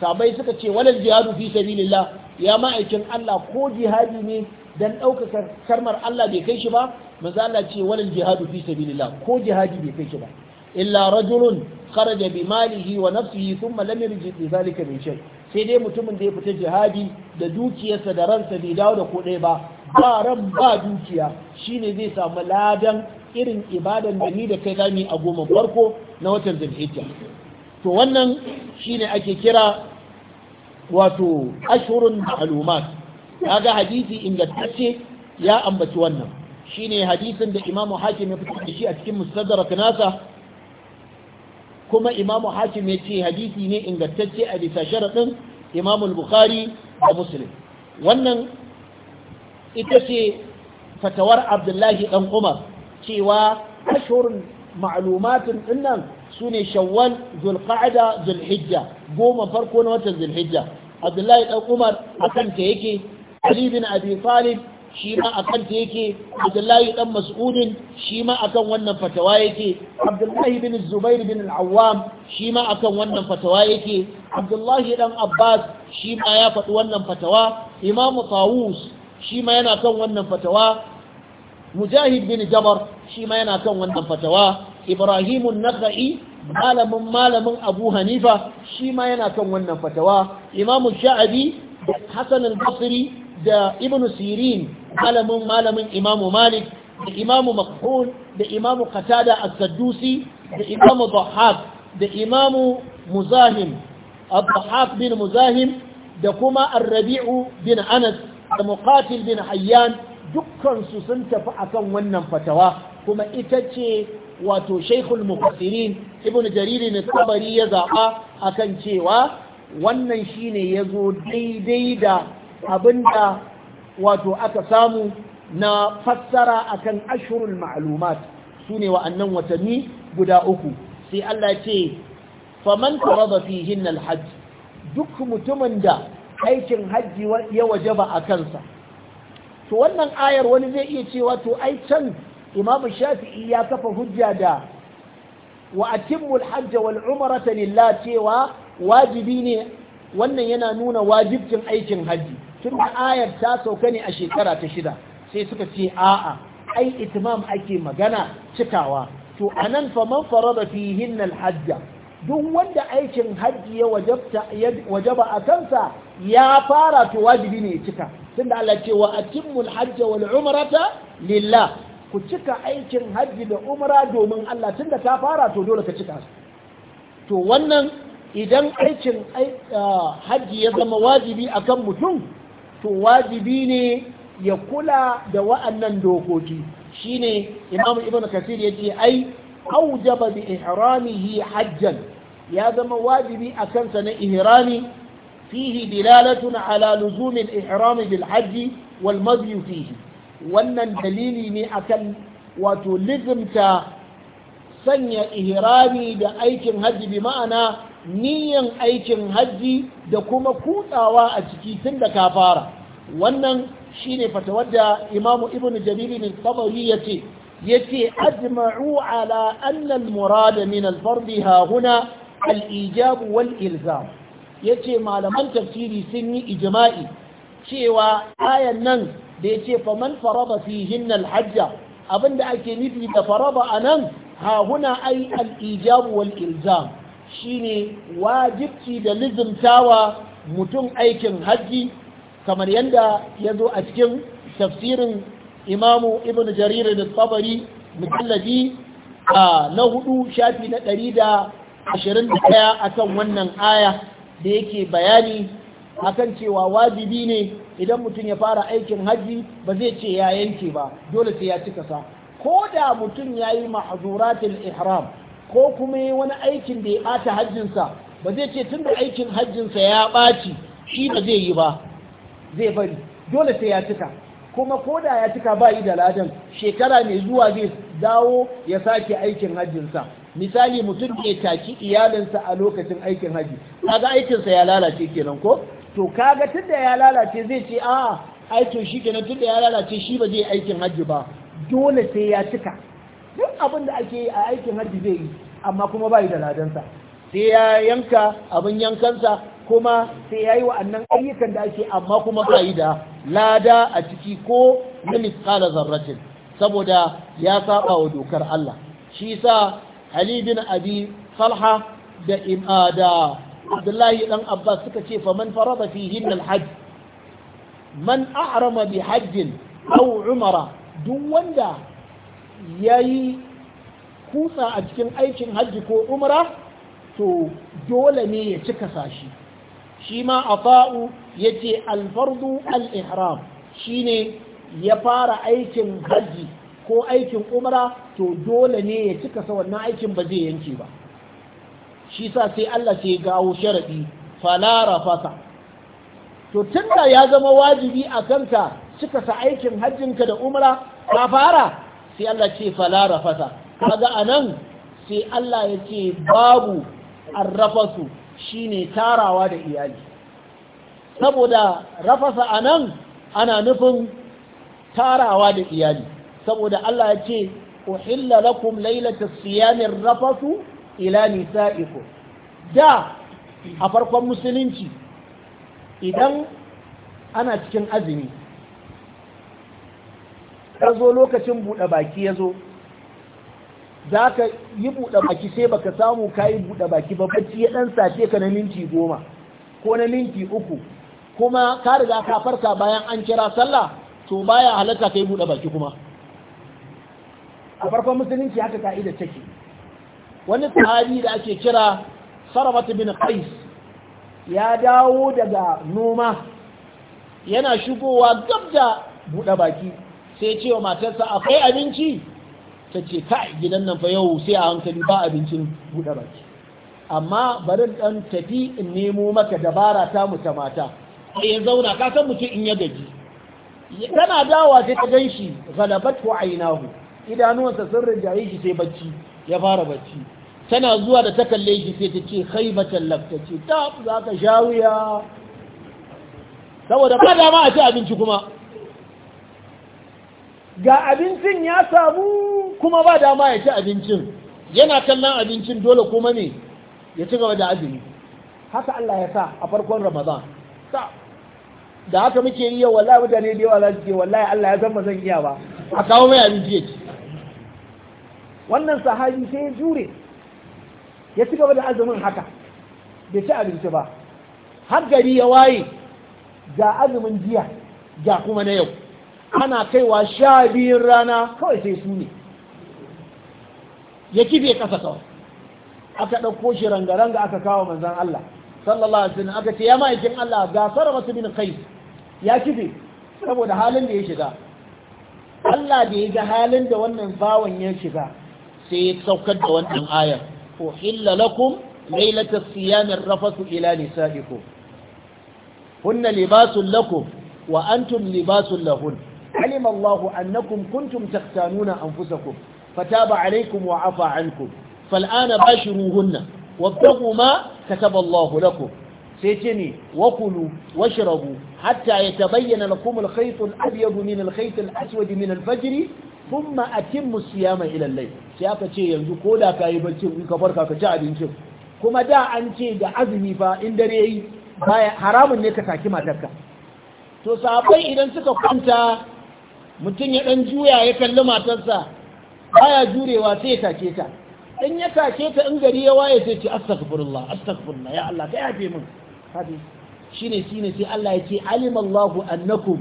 sabai suka ce walal jihadu fi sabilillah ya ma'aikin Allah ko jihadi ne dan ɗaukaka karmar Allah bai kai shi ba manzo Allah ce walal jihadu fi sabilillah ko jihadi bai kai shi ba illa rajulun kharaja bi malihi wa nafsihi thumma lam yarji bi zalika min shay sai dai mutumin da ya fita jihadi da dukiyarsa da ransa bai dawo da ko ɗaya ba ba ran ba dukiya shine zai samu ladan irin ibadan da ni da kai zamu a goma farko na watan zulhijja to wannan shine ake kira wato ashurun ma'lumat kaga hadisi ingantacce ya ambaci wannan shine hadisin da imamu hakim ya fitar da shi a cikin mustadrak nasa kuma imamu hakim ya ce hadisi ne ingantacce a bisa sharaɗin imamu bukhari da muslim wannan ita ce fatawar abdullahi dan umar cewa ashurun ma'alumatin dinnan sune shawwal zulqa'da zulhijja goma farko na watan zulhijja abdullahi dan umar akan ta yake ali bin abi talib shi ma akan ta yake abdullahi dan mas'udin shi ma akan wannan fatawa yake abdullahi bin zubair bin al-awwam shi ma akan wannan fatawa yake abdullahi dan abbas shi ma ya faɗi wannan fatawa imam tawus shi ma yana kan wannan fatawa mujahid bin jabar shi ma yana kan wannan fatawa ibrahimun naka'i malamin malamin abu hanifa shi ma yana kan wannan fatawa imamu sha'abi hassan al-basri da ibn sirin malamin malamin imamu malik da imamu makhul da imamu qatada as-saddusi da imamu dhahab da imamu muzahim abdahab bin muzahim da kuma ar-rabi'u bin anas da muqatil bin hayyan dukkansu sun tafi akan wannan fatawa kuma ita ce wato shaikhul mufassirin ibn jariri ne tabari ya zaɓa akan cewa wannan shine ya zo daidai da abinda wato aka samu na fassara akan ashurul ma'lumat su ne wa'annan watanni guda uku sai Allah ce faman farada fihin alhajj duk mutumin da aikin hajji ya wajaba a kansa to wannan ayar wani zai iya cewa to ai can imamu shafi'i ya kafa hujja da wa atimmul hajj wal umrata lillah cewa wajibi ne wannan yana nuna wajibcin aikin haji tun da ayar ta sauka ne a shekara ta shida sai suka ce a'a ai itimam ake magana cikawa to anan fa man farada fihin al hajj duk wanda aikin haji ya wajaba a kansa ya fara to wajibi ne ya cika tunda Allah ce wa atimmul hajja wal umrata lillah ku cika aikin hajji da umra domin Allah tunda ta fara to dole ka cika su to wannan idan aikin hajji ya zama wajibi akan mutum to wajibi ne ya kula da wa'annan dokoki shine Imam Ibn Kathir yace ai aujaba bi ihramihi hajjan ya zama wajibi akan sa na ihrami Fihi فيه دلالة على لزوم الإحرام بالحج والمضي فيه wannan dalili ne akan wato lizimta sanya ihrami da aikin hajji bi ma'ana niyan aikin hajji da kuma kutsawa a ciki tun da ka fara wannan shine fatawar da imamu ibnu jabiri bin tabari yace yace ajma'u ala anna al-murad min al-fard ha huna al-ijab wal ilzam ya ce malaman tafsiri sun yi ijima'i cewa ayan nan da ya ce faman faraba fi hinnal hajja abinda ake nufi da faraba a nan ha huna ai al'ijabu wal ilzam shine wajibci da lizumtawa mutum aikin hajji kamar yadda ya zo a cikin tafsirin imamu ibn jarir da tsabari a ah, na hudu shafi na ɗari da ashirin da ɗaya a kan wannan aya da yake bayani akan cewa wajibi ne idan mutum ya fara aikin hajji ba zai ce ya yanke ba dole sai ya cika sa ko da mutum ya yi ma'azuratul ihram ko kuma yi wani aikin da ya ɓata hajjinsa ba zai ce tun da aikin hajjinsa ya ɓaci shi ba zai yi ba zai bari dole sai ya cika kuma ko da ya cika ba yi da ladan shekara mai zuwa zai dawo ya sake aikin hajjinsa misali mutum ke taki iyalinsa a lokacin aikin haji kaga aikinsa ya lalace kenan ko to kaga tunda ya lalace zai ce a aikin shi kenan tunda ya lalace shi ba zai aikin haji ba dole sai ya cika duk abin da ake yi a aikin haji zai yi amma kuma bai da ladansa sai ya yanka abin yankansa kuma sai ya yi wa'annan ayyukan da ake amma kuma bai da lada a ciki ko na misƙala zarratin saboda ya saba wa dokar Allah shi sa ali bin abi talha da ah, da abdullahi dan abbas suka ce fa man farada fihin alhajj man ahrama bi hajjin aw umara duk wanda yayi kusa a cikin aikin hajji ko umra to dole ne ya cika sashi shi ma afa'u yace alfardu al-ihram shine ya fara aikin hajji ko aikin umra to dole ne ya cika sa wannan aikin ba zai yanke ba shi sa sai Allah sai gawo sharadi fala rafasa to tunda ya zama wajibi a kanka cika sa aikin hajjinka da umra ka fara sai Allah ce fala rafasa kaga anan sai Allah ya ce babu arrafasu shine tarawa da iyali saboda rafasa anan ana nufin tarawa da iyali saboda Allah ya ce uhilla lakum lailata siyamin rafasu ila nisa'ikum da a farkon musulunci idan ana cikin azumi ka zo lokacin buɗe baki yazo zaka yi buɗe baki sai baka samu ka yi buɗe baki ba bacci ya ɗan sace ka na minti goma ko na minti uku kuma ka riga ka farka bayan an kira sallah to baya halatta ka yi baki kuma a farkon musulunci haka ka'ida take wani sahabi da ake kira sarabat bin qais ya dawo daga noma yana shigowa gab buɗe baki sai cewa matarsa akwai abinci ta ce kai gidan nan fa yau sai a hankali ba abincin buɗe baki amma bari ɗan tafi in nemo maka dabara ta mutu mata mata yin zauna ka san mutum in ya gaji Tana dawa sai ta gan shi galabat ko ainahu idanuwansa sun rinjaye shi sai bacci ya fara bacci tana zuwa da ta kalle shi sai ta ce khaibatan lafta ce ta za ka sha wuya saboda ba dama a ci abinci kuma ga abincin ya samu kuma ba dama ya ci abincin yana kallon abincin dole kuma ne ya ci gaba da azumi haka Allah ya sa a farkon Ramadan da haka muke yi yau wallahi mutane da yawa za su ce wallahi Allah ya san ba zan iya ba a kawo mai abinci ya ci wannan sahabi sai ya jure ya ci gaba da azumin haka bai ci abinci ba har gari ya waye ga azumin jiya ga kuma na yau ana kaiwa sha biyun rana kawai sai su ne ya kife kasa kawai aka ɗauko shi rangaranga aka kawo manzan Allah sallallahu alaihi wasallam aka ce ya ma'aikin Allah ga sarrafa bin kai ya kife saboda halin da ya shiga Allah da ya ga halin da wannan bawan ya shiga sai ya saukar da wannan ayar ko hila lakum lailata siyamin rafasu ila nisa'iku hunna libasun lakum wa antum libasun lahun alim Allah annakum kuntum taqtanuna anfusakum fataba alaykum wa afa ankum fal'ana bashiruhunna wabtagu ma kataba Allah lakum sai ce ni wakulu washrabu hatta ya yatabayyana lakum alkhayt alabyad min alkhayt alaswad min alfajr thumma atimmu siyama ila al-layl sai aka ce yanzu ko da yi bacci in ka farka ka ci abincin kuma da an ce da azumi fa in dare yayi baya haramun ne ka saki matarka to sabai idan suka kwanta mutum ya dan juya ya kalli matarsa baya jurewa sai ya take ta in ya take ta in gari ya waye sai ce astaghfirullah astaghfirullah ya Allah ka yafe min hadi shine shine sai Allah ya ce alimallahu annakum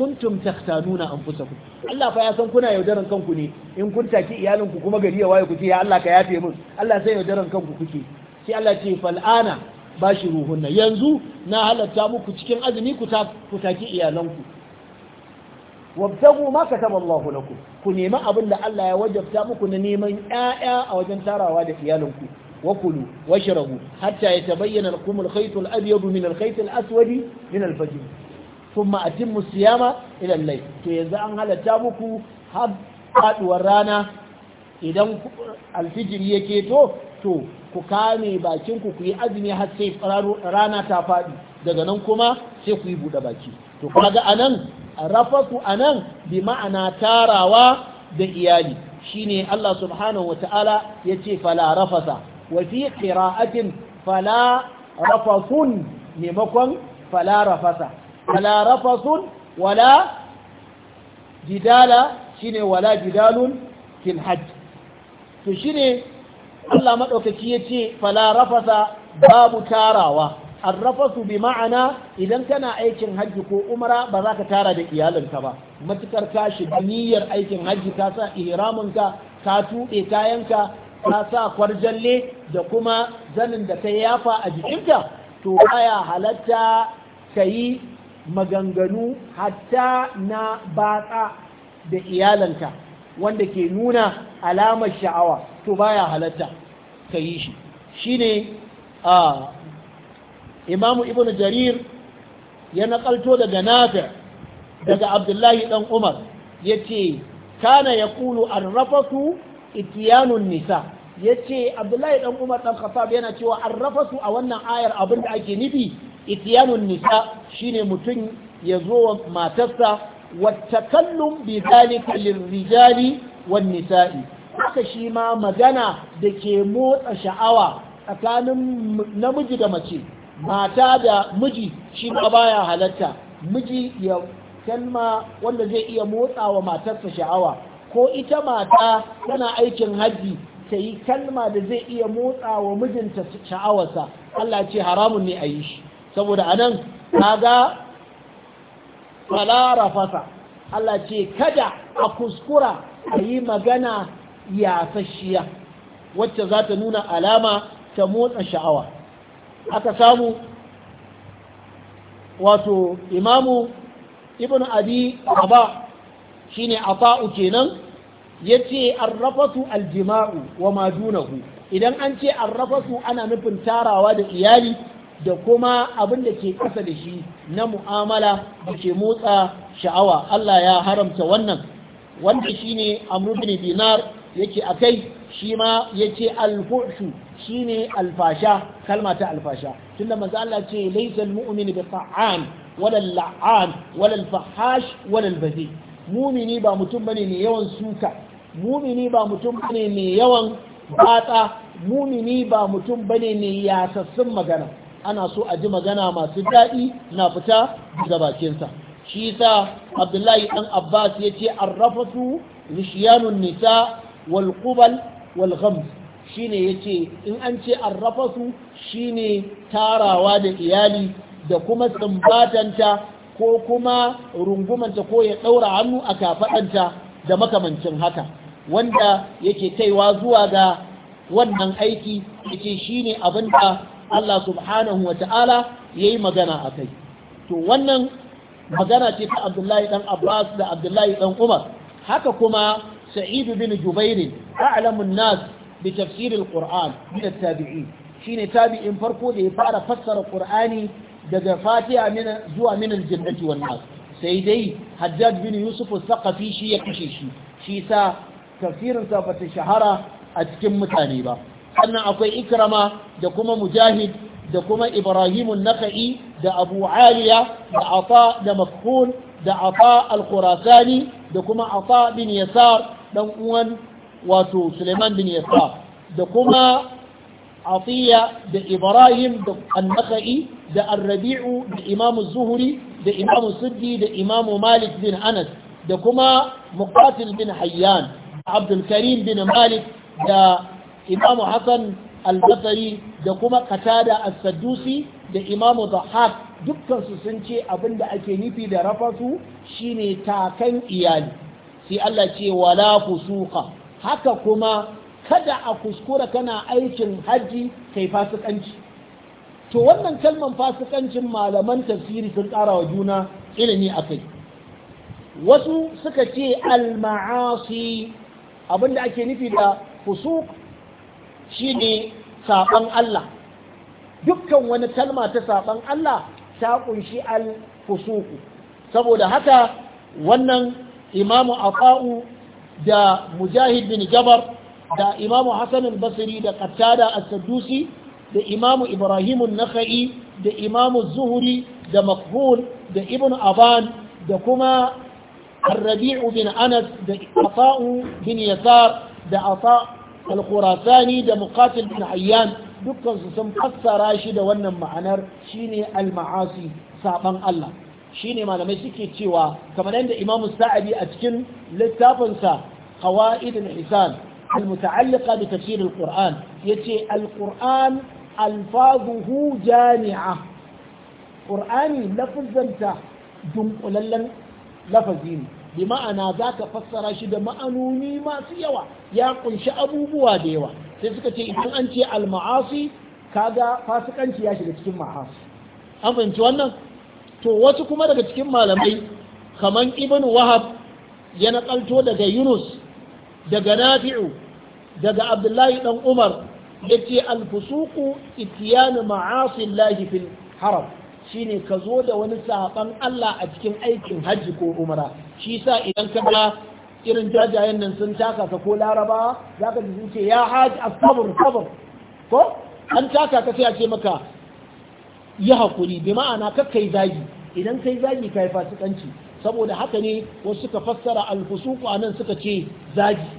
kuntum takhtanuna anfusakum Allah fa ya san kuna yaudaran kanku ne in kun taki iyalinku kuma gari ya waye ce ya Allah ka yafe min Allah sai yaudaran kanku kuke sai Allah ce fal'ana bashiruhunna yanzu na halatta muku cikin azumi ku ku taki iyalanku wabtagu ma kataba Allahu lakum ku nemi abin da Allah ya wajabta muku na neman ƴaƴa a wajen tarawa da iyalanku وكلوا واشربوا حتى يتبين لكم الخيط الأبيض من الخيط Aswadi من الفجر Kuma a siyama musiyama al-layl to yanzu an halatta muku har faduwar rana idan alfijiri yake to to ku kame bakinku ku yi azumi har sai rana ta faɗi daga nan kuma sai ku yi buɗe baki to kaga anan rafaku anan bi ma'ana tarawa da iyali shine Allah subhanahu wata'ala yace fala rafasa wa fi qira'atin fala rafafun maimakon fala rafasa wala rafasun wala jidala shine wala jidalun fil hajj to shine Allah madaukaki yace fala rafasa babu tarawa arrafasu bi ma'ana idan kana aikin hajji ko umara ba za ka tara da iyalinka ba matukar ka shiga niyyar aikin hajji ka sa ihraminka ka tuɗe kayanka ka sa kwarjalle da kuma zanin da ka yafa a jikinka to baya halatta ka yi maganganu hatta na batsa da iyalanka wanda ke nuna alamar sha'awa to baya halatta ka yi shi shine a imamu ibn jarir ya nakalto daga nafi daga abdullahi dan umar ya ce kana ya kulu an rafatu itiyanun nisa ya ce abdullahi dan umar ɗan khattab yana cewa an rafasu a wannan ayar abin da ake nufi itiyanun nisa shine mutum ya zo wa matarsa wattakallum bi zalika lirrijali wan nisa'i haka shi ma magana da ke motsa sha'awa tsakanin namiji da mace mata da miji shi ma baya halatta miji ya kalma wanda zai iya motsa wa matarsa sha'awa ko ita mata tana aikin hajji ta yi kalma da zai iya motsa wa mijinta sha'awarsa Allah ce haramun ne a yi shi saboda anan kaga fala fasa, Allah ce kada a kuskura a yi magana yasashiya wacce za ta nuna alama ta motsa sha'awa aka samu wato imamu ibn abi aba shine afa'u kenan yace arrafatu aljima'u wa ma dunahu idan an ce arrafatu ana nufin tarawa da iyali da kuma abin da ke ƙasa da shi na mu'amala da ke motsa sha'awa Allah ya haramta wannan wanda shi ne amurbin dinar yake a kai shi ma ya ce alfushu shi ne alfasha kalma ta alfasha tun da maza ce laisal mu'min da fa'an walal la'an walal fahash walal bazi mumini ba mutum bane mai yawan suka mumini ba mutum bane mai yawan batsa mumini ba mutum bane mai yasassun magana ana so a ji magana masu daɗi na fita daga bakinsa shi sa abdullahi Ɗan abbas ya ce su rishiyanun nisa wal qubal wal ghams ya ce. in an ce shi ne tarawa da iyali da kuma tsumbatanta ko kuma rungumanta ko ya daura hannu a kafaɗanta da makamancin haka wanda yake kaiwa zuwa ga wannan aiki yake abin da. Allah subhanahu wa ta'ala ya yi magana a kai to wannan magana ce ta abdullahi ɗan abbas da abdullahi ɗan umar haka kuma sa'idu bin jubairi a'lamun nas bi tafsirin ƙur'an min tabi'i tabiin shine tabi'in farko da ya fara fassara ƙur'ani daga Fatiya, zuwa min al na nas sai dai hajjaj bin yusuf sakafi shi ya kashe shi shi sa tafsirinsa bata shahara a cikin mutane ba sannan akwai ikrama da kuma mujahid da kuma ibrahimun naka'i da abu aliya da afa da makhul da ata al-khurasani da kuma ata bin yasar dan uwan wato suleiman bin yasar da kuma atiya da ibrahim da an da arrabi'u da imam az-zuhri da imam siddi da imam malik bin anas da kuma muqatil bin hayyan abdul karim bin malik da imamu hassan albasari da kuma katada as-saddusi da imamu dukkan dukkansu sun ce abin da ake nufi da rafasu shine takan iyali sai Allah ce wala fusuka haka kuma kada a kuskura kana aikin hajji kai fasikanci to wannan kalman fasikancin malaman tafsiri sun ƙara wa juna ilimi a kai wasu suka ce al-ma'asi abin da ake nufi da fusuk shine saban Allah dukkan wani kalma ta saban Allah ta kunshi al-fusuku saboda haka wannan imamu afa'u da mujahid bin jabar da imamu Hassanin Basiri basri da Kattada as-saddusi da imamu ibrahim naka'i da imamu zuhri da makhul da ibn aban da kuma arrabi'u bin Anas da عطاء bin يسار da عطاء al-khurasani da muqatil bin hayyan dukkan sun fassara shi da wannan ma'anar shine al-ma'asi saban Allah shine malamai suke cewa kamar yadda imamu sa'adi a cikin littafinsa qawaid al-ihsan al-muta'alliqa bi tafsir al-qur'an yace al-qur'an alfazuhu jami'a qur'ani lafzanta dunkulallen lafazi ne bi ma'ana za ka fassara shi da ma'anoni masu yawa ya kunshi abubuwa da yawa sai suka ce idan an ce al-ma'asi kaga fasikanci ya shiga cikin ma'asi an fahimci wannan to wasu kuma daga cikin malamai kamar ibn wahab ya nakalto daga yunus daga nafi'u daga abdullahi dan umar ya ce alfusuku itiyanu ma'asi lahi fil haram shine ka zo da wani saban Allah a cikin aikin hajji ko umara shi sa idan ka ga irin jajayen nan sun taka ka ko laraba za ka ji ce ya haji asabur sabur ko an taka ka sai a ce maka yi hakuri bi ma'ana kai zagi idan kai zagi kai fasikanci saboda haka ne wasu suka fassara alfusuku anan suka ce zagi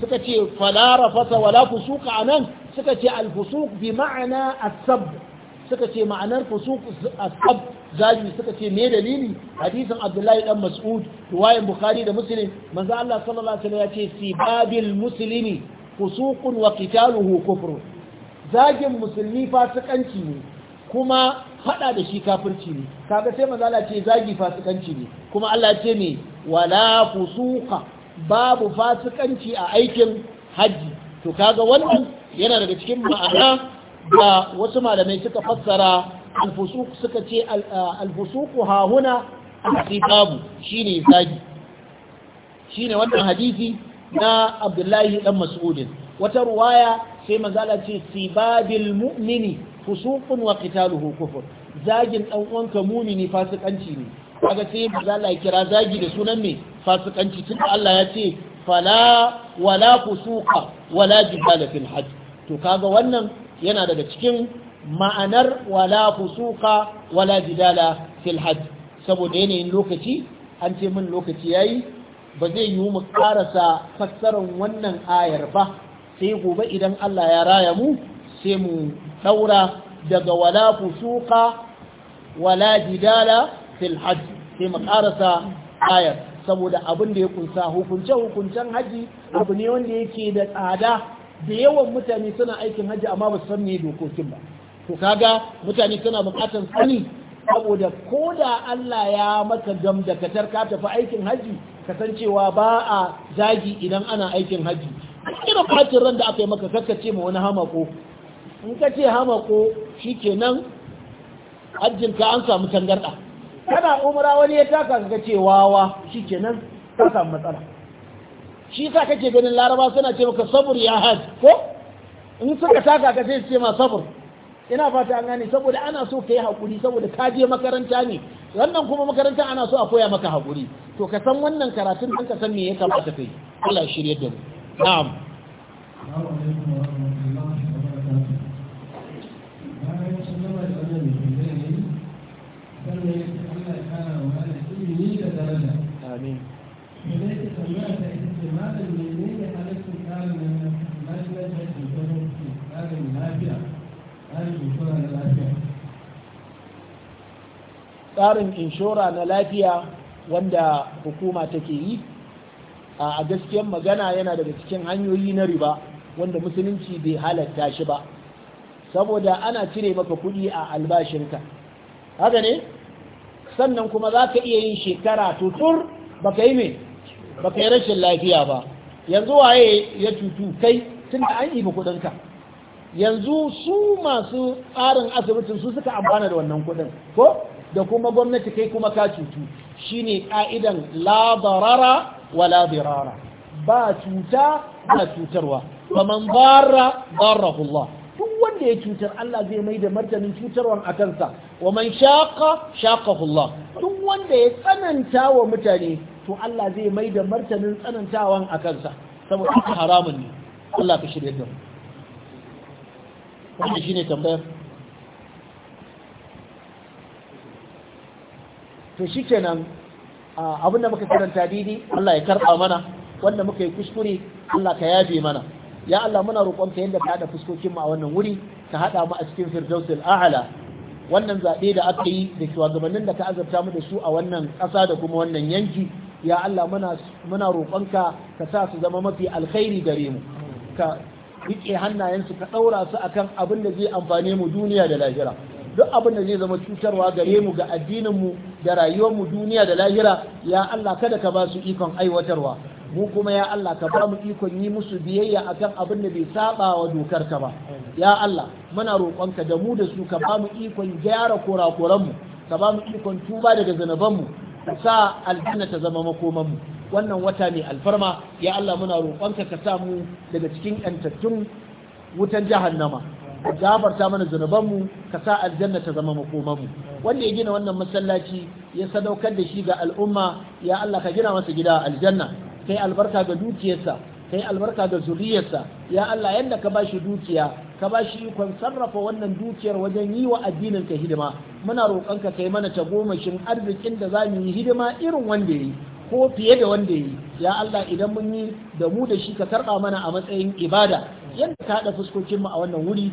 suka ce fala fasa wala fusuka anan suka ce alfusuk bi ma'ana asabur suka ce ma'anar fusuq ashab zagi suka ce me dalili hadisin abdullahi dan mas'ud riwayan bukhari da muslim manzo Allah sallallahu alaihi wasallam ya ce sibabil muslimi fusuqun wa qitaluhu kufrun zagin musulmi fasikanci ne kuma hada da shi kafirci ne kaga sai manzo Allah ce zagi fasikanci ne kuma Allah ce me wala fusuqa babu fasikanci a aikin haji to kaga wannan yana daga cikin ma'ana da wasu malamai suka fassara alfusuk suka ce alfusuku ha huna asibabu shine zagi shine wannan hadisi na Abdullahi dan Mas'udin wata ruwaya sai manzala ce sibabil mu'mini fusuqun wa qitaluhu kufur zagin dan uwanka mu'mini fasikanci ne kaga sai manzala ya kira zagi da sunan me fasikanci tun Allah ya ce fala wala fusuqa wala jidala fil hajj to kaga wannan yana daga cikin ma'anar wala fusuka wala jidala fil hajj saboda yanayin lokaci an ce min lokaci yayi ba zai yiwu mu karasa fassarar wannan ayar ba sai gobe idan Allah ya raya mu sai mu daura daga wala fusuka wala jidala fil hajj sai mu karasa ayar saboda abin da ya kunsa hukunce hukuncen haji abu ne wanda yake da tsada da yawan mutane suna aikin hajji amma ba su san me dokokin ba to kaga mutane suna buƙatar sani saboda ko da Allah ya maka gam da katar ka tafi aikin hajji kasancewa ba a zagi idan ana aikin hajji kira fatin ran da aka yi maka kakkace ma wani hamako in ka ce hamako shikenan hajjin ka an samu tangarda kana umra wani ya taka ka ce wawa shikenan ka samu matsala shi sa kake ganin laraba suna ce maka sabur ya haji ko in suka taka ka sai ce ma sabur ina fata an gane saboda ana so ka yi hakuri saboda ka je makaranta ne wannan kuma makaranta ana so a koya maka haƙuri to ka san wannan karatun don ka san me ya kamata kai Allah shirye da mu na'am Amin. lafiya tsarin inshora na lafiya wanda hukuma take yi a gaskiyar magana yana daga cikin hanyoyi na riba wanda musulunci bai halatta shi ba saboda ana cire maka kuɗi a albashinka haka ne sannan kuma za ka iya yin shekara tutur baka yi baka yi rashin lafiya ba yanzu waye ya cutu kai tun da an ba kuɗinka yanzu su masu tsarin asibitin su suka amfana da wannan kudin ko da kuma gwamnati kai kuma ka cutu shine ka'idan la darara wa la dirara ba cuta ba cutarwa faman darra darahu Allah duk wanda ya cutar Allah zai mai da martanin cutarwan a kansa wa man shaqa shaqahu Allah duk wanda ya tsananta wa mutane to Allah zai mai da martanin tsanantawan a kansa saboda haramun ne Allah ka shirye da mu shi ne tambayar to shikenan abin da muka karanta didi Allah ya karɓa mana wanda muka yi kuskure Allah ka yabe mana ya Allah muna roƙonka yadda ka haɗa fuskokinmu a wannan wuri ka haɗa mu a cikin firdausul a'ala wannan zaɓe da aka yi da shugabannin da ka azabta mu da su a wannan ƙasa da kuma wannan yanki ya Allah muna muna roƙonka ka sa su zama mafi alkhairi gare mu ka riƙe hannayensu ka ɗaura su akan abin da zai amfane mu duniya da lahira duk abin da zai zama cutarwa gare mu ga addininmu da rayuwar mu duniya da lahira ya Allah kada ka ba su ikon aiwatarwa mu kuma ya Allah ka ba mu ikon yi musu biyayya akan abin da bai saba wa dokar ka ba ya Allah muna roƙonka da mu da su ka ba mu ikon gyara korakoranmu. ka ba mu ikon tuba daga zanaban ka sa aljanna ta zama makomanmu. wannan wata mai alfarma ya Allah muna roƙonka ka samu daga cikin yantattun wutan jahannama gafarta mana zunubanmu ka sa aljanna ta zama mu. wanda ya gina wannan masallaci ya sadaukar da shi ga al'umma ya Allah ka gina masa gida aljanna kai albarka ga dukiyarsa kai albarka ga zuriyarsa ya Allah yanda ka bashi dukiya ka bashi ikon sarrafa wannan dukiyar wajen yi wa addinin ka hidima muna roƙonka kai mana tagomashin arzikin da za mu yi hidima irin wanda ya yi ko fiye da wanda yi ya Allah idan mun yi da mu da shi ka karɓa mana a matsayin ibada yadda ta haɗa fuskokinmu a wannan wuri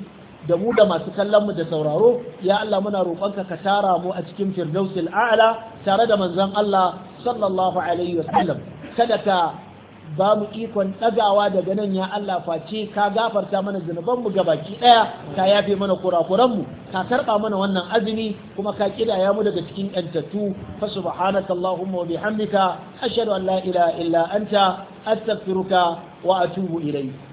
da mu da masu kallon mu da sauraro ya Allah muna roƙonka ka tara mu a cikin firdausil a'la tare da manzon Allah sallallahu alaihi wasallam kada ka ba mu ikon ɗagawa daga nan ya Allah face ka gafarta mana zunubanmu ga baki ɗaya ka yafe mana kurakuranmu ka karɓa mana wannan azumi kuma ka kidaya mu daga cikin ƴantattu fa subhanaka allahumma wa bihamdika ashhadu an la ilaha illa anta astaghfiruka wa atubu ilayk